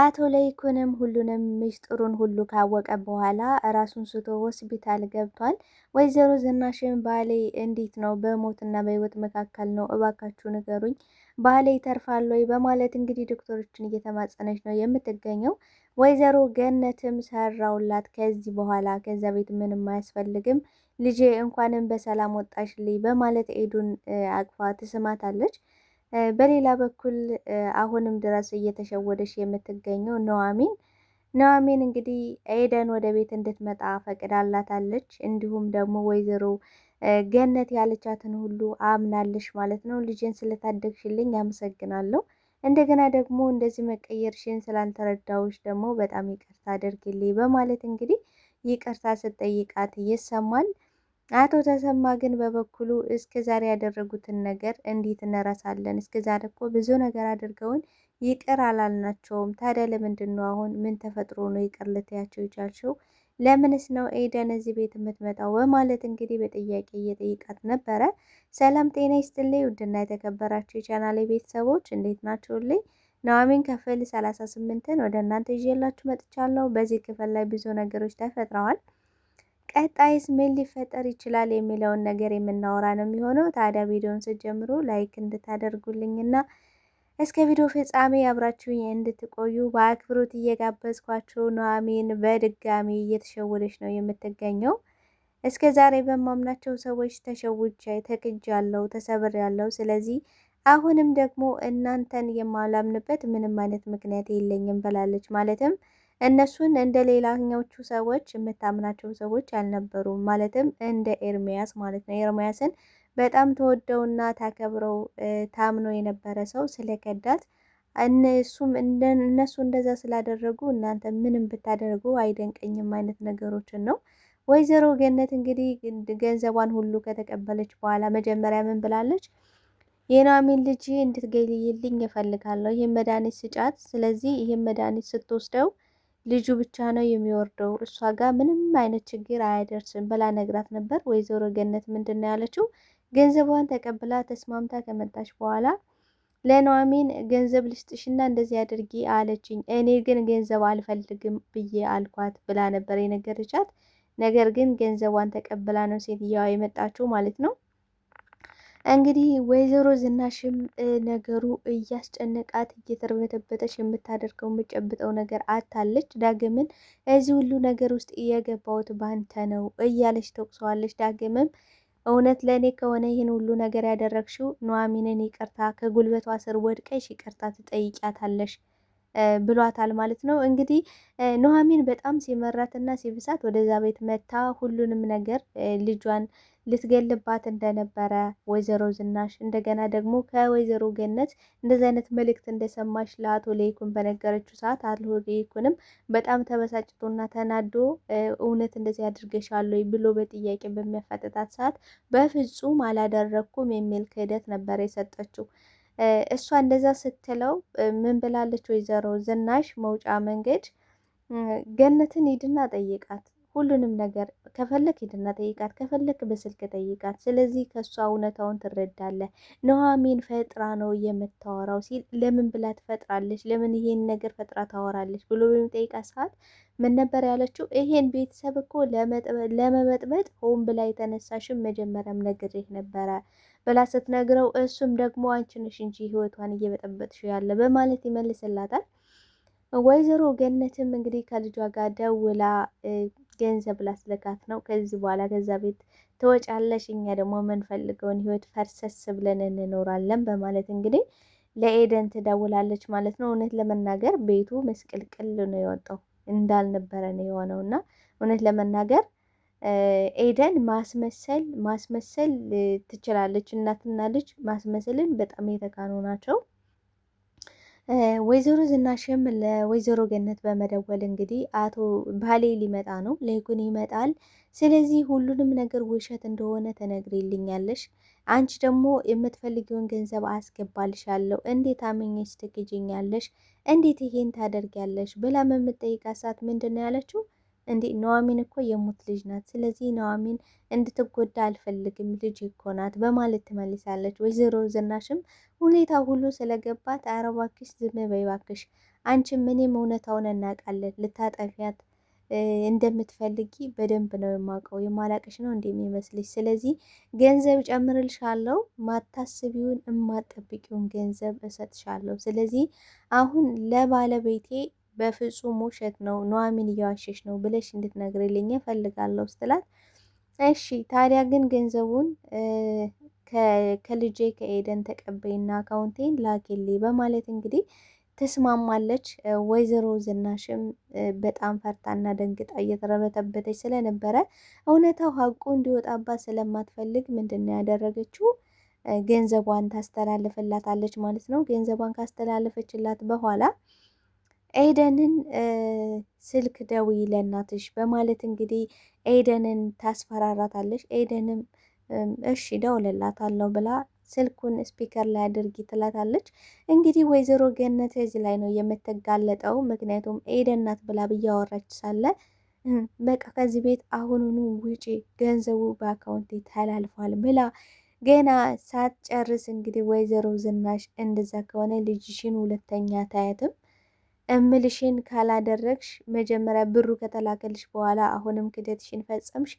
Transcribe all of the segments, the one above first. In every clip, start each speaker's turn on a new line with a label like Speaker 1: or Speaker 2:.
Speaker 1: አቶ ለይኩንም ሁሉንም ሚስጥሩን ሁሉ ካወቀ በኋላ ራሱን ስቶ ሆስፒታል ገብቷል። ወይዘሮ ዝናሽን ባሌ እንዴት ነው በሞትና በህይወት መካከል ነው፣ እባካችሁ ንገሩኝ፣ ባሌ ይተርፋል ወይ በማለት እንግዲህ ዶክተሮችን እየተማጸነች ነው የምትገኘው። ወይዘሮ ገነትም ሰራውላት፣ ከዚህ በኋላ ከዛ ቤት ምንም አያስፈልግም ልጄ፣ እንኳንም በሰላም ወጣሽልኝ በማለት ኤዱን አቅፋ ትስማታለች። በሌላ በኩል አሁንም ድረስ እየተሸወደች የምትገኘው ኑሐሚን ኑሐሚን እንግዲህ ኤደን ወደ ቤት እንድትመጣ ፈቅዳላታለች። እንዲሁም ደግሞ ወይዘሮ ገነት ያለቻትን ሁሉ አምናለሽ ማለት ነው። ልጄን ስለታደግሽልኝ አመሰግናለሁ። እንደገና ደግሞ እንደዚህ መቀየርሽን ስላልተረዳዎች ደግሞ በጣም ይቅርታ አድርግልኝ በማለት እንግዲህ ይቅርታ ስጠይቃት ይሰማል። አቶ ተሰማ ግን በበኩሉ እስከ ዛሬ ያደረጉትን ነገር እንዴት እንረሳለን? እስከ ዛሬ እኮ ብዙ ነገር አድርገውን ይቅር አላልናቸውም። ታዲያ ለምንድን ነው አሁን? ምን ተፈጥሮ ነው ይቅር ልትያቸው ይቻልሽው? ለምንስ ነው ኤደን እዚህ ቤት የምትመጣው? በማለት እንግዲህ በጥያቄ እየጠይቃት ነበረ። ሰላም ጤና ይስጥልኝ ውድና የተከበራችሁ የቻናሌ ቤተሰቦች እንዴት ናችሁልኝ? ኑሐሚን ክፍል ሰላሳ ስምንትን ወደ እናንተ ይዤላችሁ መጥቻለሁ። በዚህ ክፍል ላይ ብዙ ነገሮች ተፈጥረዋል። ቀጣይስ ምን ሊፈጠር ይችላል የሚለውን ነገር የምናወራ ነው የሚሆነው። ታዲያ ቪዲዮን ስትጀምሩ ላይክ እንድታደርጉልኝና እስከ ቪዲዮ ፍጻሜ አብራችሁ እንድትቆዩ በአክብሮት እየጋበዝኳችሁ፣ ኑሐሚን በድጋሚ እየተሸወደች ነው የምትገኘው። እስከ ዛሬ በማምናቸው ሰዎች ተሸውቼ ተሰብር ተሰብሬያለሁ። ስለዚህ አሁንም ደግሞ እናንተን የማላምንበት ምንም አይነት ምክንያት የለኝም ብላለች ማለትም እነሱን እንደ ሌላኛዎቹ ሰዎች የምታምናቸው ሰዎች አልነበሩም። ማለትም እንደ ኤርሚያስ ማለት ነው። ኤርሚያስን በጣም ተወደውና ታከብረው ታምኖ የነበረ ሰው ስለከዳት እነሱም እነሱ እንደዛ ስላደረጉ እናንተ ምንም ብታደርጉ አይደንቀኝም አይነት ነገሮችን ነው። ወይዘሮ ገነት እንግዲህ ገንዘቧን ሁሉ ከተቀበለች በኋላ መጀመሪያ ምን ብላለች? የኑሐሚን ልጅ እንድትገልይልኝ እፈልጋለሁ። ይህን መድኃኒት ስጫት። ስለዚህ ይህን መድኃኒት ስትወስደው ልጁ ብቻ ነው የሚወርደው፣ እሷ ጋር ምንም አይነት ችግር አያደርስም ብላ ነግራት ነበር። ወይዘሮ ገነት ምንድን ነው ያለችው? ገንዘቧን ተቀብላ ተስማምታ ከመጣች በኋላ ለኑሐሚን ገንዘብ ልስጥሽና እንደዚህ አድርጊ አለችኝ፣ እኔ ግን ገንዘብ አልፈልግም ብዬ አልኳት ብላ ነበር የነገረቻት። ነገር ግን ገንዘቧን ተቀብላ ነው ሴትዮዋ የመጣችው ማለት ነው። እንግዲህ ወይዘሮ ዝናሽም ነገሩ እያስጨነቃት እየተርበተበተች የምታደርገው የምጨብጠው ነገር አታለች። ዳግምን እዚህ ሁሉ ነገር ውስጥ እየገባሁት ባንተ ነው እያለች ተቁሰዋለች። ዳግምም እውነት ለእኔ ከሆነ ይህን ሁሉ ነገር ያደረግሽው ኑሐሚንን ይቅርታ ከጉልበቷ ስር ወድቀሽ ይቅርታ ትጠይቂያታለሽ ብሏታል ማለት ነው። እንግዲህ ኑሐሚን በጣም ሲመራትና ሲብሳት ወደዛ ቤት መታ ሁሉንም ነገር ልጇን ልትገልባት እንደነበረ ወይዘሮ ዝናሽ እንደገና ደግሞ ከወይዘሮ ገነት እንደዚህ አይነት መልእክት እንደሰማች ለአቶ ለይኩን በነገረችው ሰዓት አቶ ለይኩንም በጣም ተበሳጭቶና ተናዶ እውነት እንደዚህ አድርገሻል ብሎ በጥያቄ በሚያፈጥጣት ሰዓት በፍጹም አላደረግኩም የሚል ክህደት ነበር የሰጠችው። እሷ እንደዛ ስትለው ምን ብላለች? ወይዘሮ ዝናሽ መውጫ መንገድ ገነትን ሂድና ጠይቃት ሁሉንም ነገር ከፈለክ ሂድና ጠይቃት፣ ከፈለክ በስልክ ጠይቃት። ስለዚህ ከእሷ እውነታውን ትረዳለህ። ኑሐሚን ፈጥራ ነው የምታወራው ሲል ለምን ብላ ትፈጥራለች? ለምን ይሄን ነገር ፈጥራ ታወራለች ብሎ በሚጠይቃት ሰዓት ምን ነበር ያለችው? ይሄን ቤተሰብ እኮ ለመበጥበጥ ሆን ብላ የተነሳሽም መጀመሪያም ነግሬህ ነበረ ብላ ስትነግረው እሱም ደግሞ አንቺ ነሽ እንጂ ህይወቷን እየበጠበጥሽ ያለ በማለት ይመልስላታል። ወይዘሮ ገነትም እንግዲህ ከልጇ ጋር ደውላ ገንዘብ ላስለካት ነው። ከዚህ በኋላ ከዛ ቤት ትወጫለሽ፣ እኛ ደግሞ የምንፈልገውን ህይወት ፈርሰስ ብለን እንኖራለን በማለት እንግዲህ ለኤደን ትደውላለች ማለት ነው። እውነት ለመናገር ቤቱ መስቅልቅል ነው የወጣው እንዳልነበረ ነው የሆነው እና እውነት ለመናገር ኤደን ማስመሰል ማስመሰል ትችላለች። እናትና ልጅ ማስመሰልን በጣም የተካኑ ናቸው። ወይዘሮ ዝናሽም ለወይዘሮ ገነት በመደወል እንግዲህ አቶ ባሌ ሊመጣ ነው፣ ለይኩን ይመጣል። ስለዚህ ሁሉንም ነገር ውሸት እንደሆነ ተነግሪልኛለሽ። አንቺ ደግሞ የምትፈልጊውን ገንዘብ አስገባልሻለሁ። እንዴት አመኘች ትግጅኛለሽ? እንዴት ይሄን ታደርጊያለሽ? ብላ የምትጠይቃት ሰዓት ምንድን ነው ያለችው? እንዴ ነዋሚን እኮ የሙት ልጅ ናት። ስለዚህ ነዋሚን እንድትጎዳ አልፈልግም፣ ልጅ እኮ ናት በማለት ትመልሳለች። ወይዘሮ ዝናሽም ሁኔታ ሁሉ ስለገባት ኧረ እባክሽ ዝም በይ እባክሽ፣ አንቺም እኔም እውነታውን እናውቃለን። ልታጠፊያት እንደምትፈልጊ በደንብ ነው የማውቀው። የማላቅሽ ነው እንደ የሚመስልሽ። ስለዚህ ገንዘብ ጨምርልሻለሁ፣ ማታስቢውን የማጠብቂውን ገንዘብ እሰጥሻለሁ። ስለዚህ አሁን ለባለቤቴ በፍጹም ውሸት ነው ኑሐሚን እየዋሸሽ ነው ብለሽ እንድትነግርልኝ እፈልጋለሁ ስትላት፣ እሺ ታዲያ ግን ገንዘቡን ከልጄ ከኤደን ተቀበይና አካውንቴን ላኪሌ በማለት እንግዲህ ትስማማለች። ወይዘሮ ዝናሽም በጣም ፈርታና ደንግጣ እየተረበተበተች ስለነበረ እውነታው ሀቁ እንዲወጣባት ስለማትፈልግ ምንድን ነው ያደረገችው? ገንዘቧን ታስተላልፍላታለች ማለት ነው። ገንዘቧን ካስተላለፈችላት በኋላ ኤደንን ስልክ ደዊ ለእናትሽ በማለት እንግዲህ ኤደንን ታስፈራራታለች። ኤደንም እሺ እደውልላታለሁ ብላ ስልኩን ስፒከር ላይ አድርጊ ትላታለች። እንግዲህ ወይዘሮ ገነት እዚህ ላይ ነው የምትጋለጠው። ምክንያቱም ኤደን ናት ብላ ብያወራች ሳለ በቃ ከዚህ ቤት አሁኑኑ ውጪ፣ ገንዘቡ በአካውንቴ ተላልፏል ብላ ገና ሳትጨርስ እንግዲህ ወይዘሮ ዝናሽ እንደዛ ከሆነ ልጅሽን ሁለተኛ ታያትም እምልሽን ካላደረግሽ መጀመሪያ ብሩ ከተላከልሽ በኋላ አሁንም ክደትሽን ፈጸምሽ።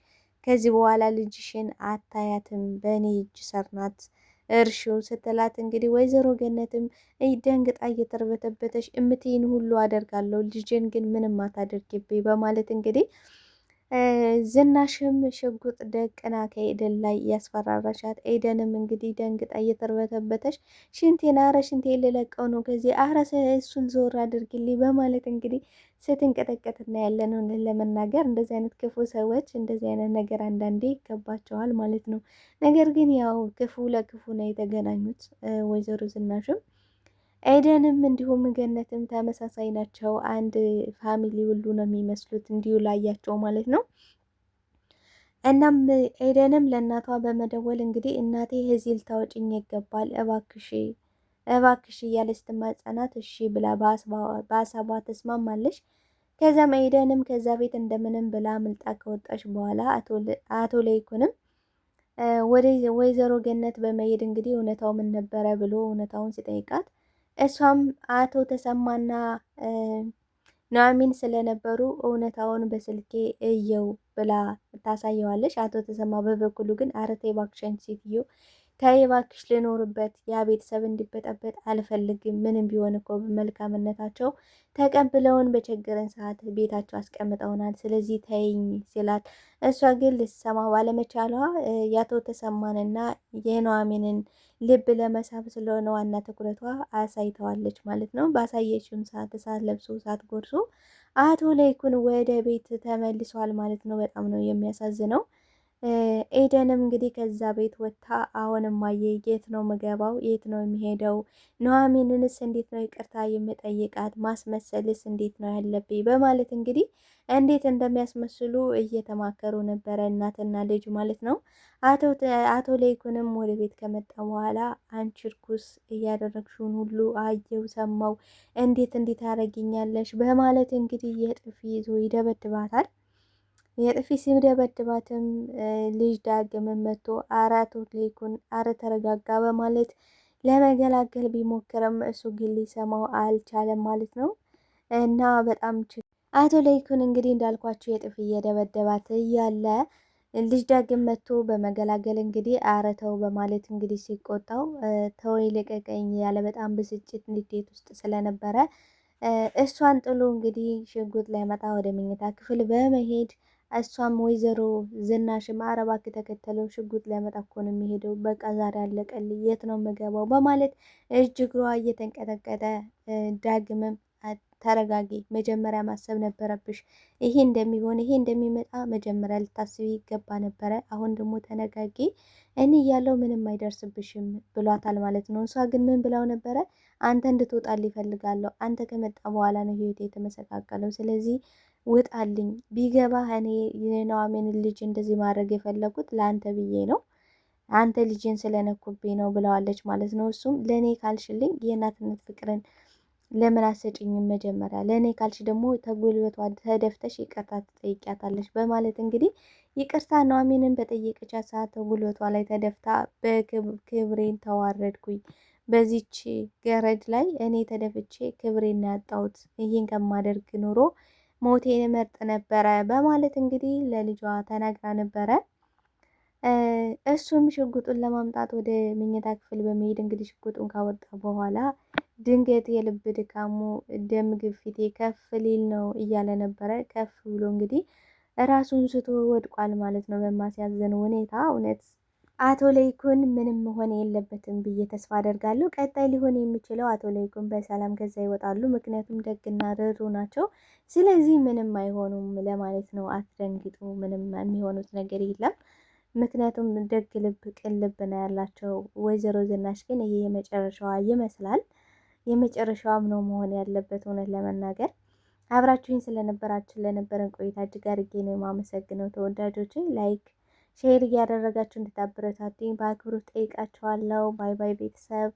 Speaker 1: ከዚህ በኋላ ልጅሽን አታያትም፣ በእኔ እጅ ሰርናት እርሺው ስትላት እንግዲህ ወይዘሮ ገነትም ደንግጣ እየተርበተበተች እምትይን ሁሉ አደርጋለሁ፣ ልጅን ግን ምንም አታደርጊብኝ በማለት እንግዲህ ዝናሽም ሽጉጥ ደቅና ከኤደን ላይ እያስፈራራሻት፣ ኤደንም እንግዲህ ደንግጣ እየተርበተበተች ሽንቴን፣ አረ ሽንቴ ልለቀው ነው ከዚህ አረ እሱን ዞር አድርግልኝ በማለት እንግዲህ ስትንቀጠቀጥ እናያለን። እውነት ለመናገር እንደዚህ አይነት ክፉ ሰዎች እንደዚህ አይነት ነገር አንዳንዴ ይገባቸዋል ማለት ነው። ነገር ግን ያው ክፉ ለክፉ ነው የተገናኙት ወይዘሮ ዝናሽም ኤደንም እንዲሁም ገነትም ተመሳሳይ ናቸው። አንድ ፋሚሊ ሁሉ ነው የሚመስሉት እንዲሁ ላያቸው ማለት ነው። እናም ኤደንም ለእናቷ በመደወል እንግዲህ እናቴ ህዚህ ልታወጭኝ ይገባል እባክሽ እባክሽ እያለች ስትማጸናት እሺ ብላ በሀሳቧ ተስማማለች። ከዚያም ኤደንም ከዛ ቤት እንደምንም ብላ ምልጣ ከወጣች በኋላ አቶ ለይኩንም ወደ ወይዘሮ ገነት በመሄድ እንግዲህ እውነታው ምን ነበረ ብሎ እውነታውን ሲጠይቃት እሷም አቶ ተሰማና ኑሐሚን ስለነበሩ እውነታውን በስልኬ እየው ብላ ታሳየዋለች። አቶ ተሰማ በበኩሉ ግን አረቴ ባክሽን ሴትዮ ተይባክሽ ልኖርበት፣ ያ ቤተሰብ እንዲበጠበጥ አልፈልግም። ምንም ቢሆን እኮ በመልካምነታቸው ተቀብለውን በቸገረን ሰዓት ቤታቸው አስቀምጠውናል። ስለዚህ ተይኝ ሲላት፣ እሷ ግን ልሰማ ባለመቻሏ የአቶ ተሰማንና የኑሐሚንን ልብ ለመሳብ ስለሆነ ዋና ትኩረቷ አሳይተዋለች ማለት ነው። ባሳየችውም ሰዓት እሳት ለብሶ እሳት ጎርሶ አቶ ለይኩን ወደ ቤት ተመልሷል ማለት ነው። በጣም ነው የሚያሳዝነው። ኤደንም እንግዲህ ከዛ ቤት ወጥታ አሁን ማየ የት ነው ምገባው? የት ነው የሚሄደው? ኑሐሚንንስ እንዴት ነው ይቅርታ የምጠይቃት? ማስመሰልስ እንዴት ነው ያለብኝ? በማለት እንግዲህ እንዴት እንደሚያስመስሉ እየተማከሩ ነበረ፣ እናትና ልጅ ማለት ነው። አቶ ለይኩንም ወደ ቤት ከመጣ በኋላ አንቺ ርኩስ እያደረግሽውን ሁሉ አየው ሰማው፣ እንዴት እንዲታረጊኛለሽ? በማለት እንግዲህ የጥፊ ይዞ ይደበድባታል። የጥፊ ሲደበድባትም ልጅ ዳግም መቶ አራት ሊኩን አረ ተረጋጋ በማለት ለመገላገል ቢሞክርም እሱ ግን ሊሰማው አልቻለም ማለት ነው። እና በጣም ች አቶ ለይኩን እንግዲህ እንዳልኳቸው የጥፊ እየደበደባት እያለ ልጅ ዳግም መጥቶ በመገላገል እንግዲህ አረተው በማለት እንግዲህ ሲቆጣው ተወይ ልቀቀኝ ያለ በጣም ብስጭት ንዴት ውስጥ ስለነበረ እሷን ጥሎ እንግዲህ ሽጉጥ ሊያመጣ ወደ መኝታ ክፍል በመሄድ እሷም ወይዘሮ ዝናሽም አረባ ተከተለው ሽጉጥ ሊያመጣ እኮ ነው የሚሄደው፣ በቃ ዛሬ አለቀልኝ፣ የት ነው የምገባው? በማለት እጅ እግሯ እየተንቀጠቀጠ ዳግምም ተረጋጊ፣ መጀመሪያ ማሰብ ነበረብሽ። ይሄ እንደሚሆን ይሄ እንደሚመጣ መጀመሪያ ልታስቢ ይገባ ነበረ። አሁን ደግሞ ተነጋጊ፣ እኔ እያለው ምንም አይደርስብሽም ብሏታል ማለት ነው። እሷ ግን ምን ብላው ነበረ? አንተ እንድትወጣል ይፈልጋለሁ። አንተ ከመጣ በኋላ ነው ህይወት የተመሰቃቀለው። ስለዚህ ውጣልኝ ቢገባ እኔ የኑሐሚንን ልጅ እንደዚህ ማድረግ የፈለጉት ለአንተ ብዬ ነው አንተ ልጅን ስለነኩብኝ ነው ብለዋለች ማለት ነው። እሱም ለእኔ ካልሽልኝ የእናትነት ፍቅርን ለምን አሰጭኝም መጀመሪያ ለእኔ ካልሽ ደግሞ ተጉልበቷ ተደፍተሽ ይቅርታ ትጠይቂያታለች በማለት እንግዲህ ይቅርታ ኑሐሚንን በጠየቀቻት ሰዓት ተጉልበቷ ላይ ተደፍታ በክብሬን ተዋረድኩኝ በዚች ገረድ ላይ እኔ ተደፍቼ ክብሬን ያጣሁት ይህን ከማደርግ ኑሮ ሞቴን መርጥ ነበረ በማለት እንግዲህ ለልጇ ተናግራ ነበረ። እሱም ሽጉጡን ለማምጣት ወደ መኝታ ክፍል በመሄድ እንግዲህ ሽጉጡን ካወጣ በኋላ ድንገት የልብ ድካሙ ደም ግፊቴ ከፍ ሊል ነው እያለ ነበረ። ከፍ ብሎ እንግዲህ ራሱን ስቶ ወድቋል ማለት ነው በማስያዘን ሁኔታ እውነት አቶ ለይኩን ምንም መሆን የለበትም ብዬ ተስፋ አደርጋለሁ። ቀጣይ ሊሆን የሚችለው አቶ ለይኩን በሰላም ከዛ ይወጣሉ። ምክንያቱም ደግና ርሩ ናቸው። ስለዚህ ምንም አይሆኑም ለማለት ነው። አትደንግጡ፣ ምንም የሚሆኑት ነገር የለም። ምክንያቱም ደግ ልብ፣ ቅን ልብ ነው ያላቸው። ወይዘሮ ዝናሽ ግን ይሄ የመጨረሻዋ ይመስላል። የመጨረሻዋም ነው መሆን ያለበት እውነት ለመናገር አብራችሁኝ ስለነበራችሁ ለነበረን ቆይታ እጅግ አድርጌ ነው የማመሰግነው። ተወዳጆችን ላይክ ሼር እያደረጋችሁ እንድታበረታቱኝ በአክብሮት ጠይቃችኋለሁ። ባይ ባይ ቤተሰብ።